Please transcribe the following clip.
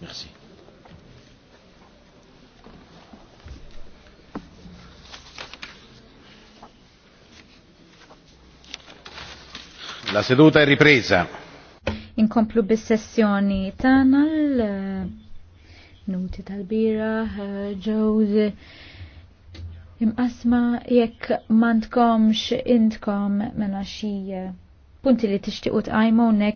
Merci. La seduta è ripresa. Inkomplu bis-sessjoni tagħna l-nuti eh, tal-bira ġew eh, imqasma jekk m'għandkomx intkom mela xi eh, punti li tixtiequ tqajmu